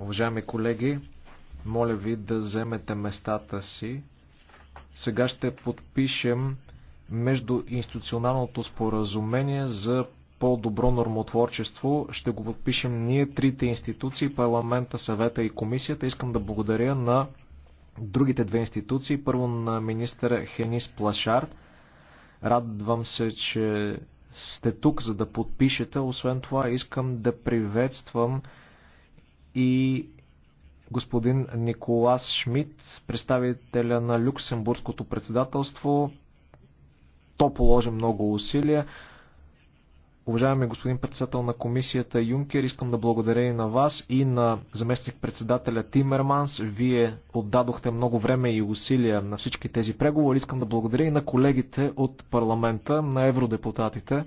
Уважаеми колеги, моля ви да вземете местата си. Сега ще подпишем междуинституционалното споразумение за по-добро нормотворчество. Ще го подпишем ние, трите институции, парламента, съвета и комисията. Искам да благодаря на другите две институции. Първо на министър Хенис Плашард. Радвам се, че сте тук, за да подпишете. Освен това, искам да приветствам и господин Николас Шмидт, представителя на Люксембургското председателство. То положи много усилия. Уважаеми господин председател на комисията Юнкер, искам да благодаря и на вас и на заместник председателя Тимерманс. Вие отдадохте много време и усилия на всички тези преговори. Искам да благодаря и на колегите от парламента, на евродепутатите,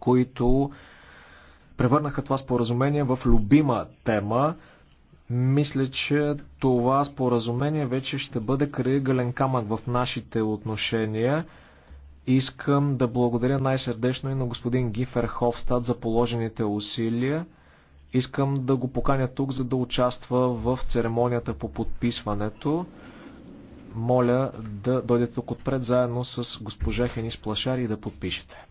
които превърнаха това споразумение в любима тема. Мисля, че това споразумение вече ще бъде крайъгълен камък в нашите отношения. Искам да благодаря най-сърдечно и на господин Гифер Ховстад за положените усилия. Искам да го поканя тук, за да участва в церемонията по подписването. Моля да дойдете тук отпред заедно с госпожа Хенис Плашар и да подпишете.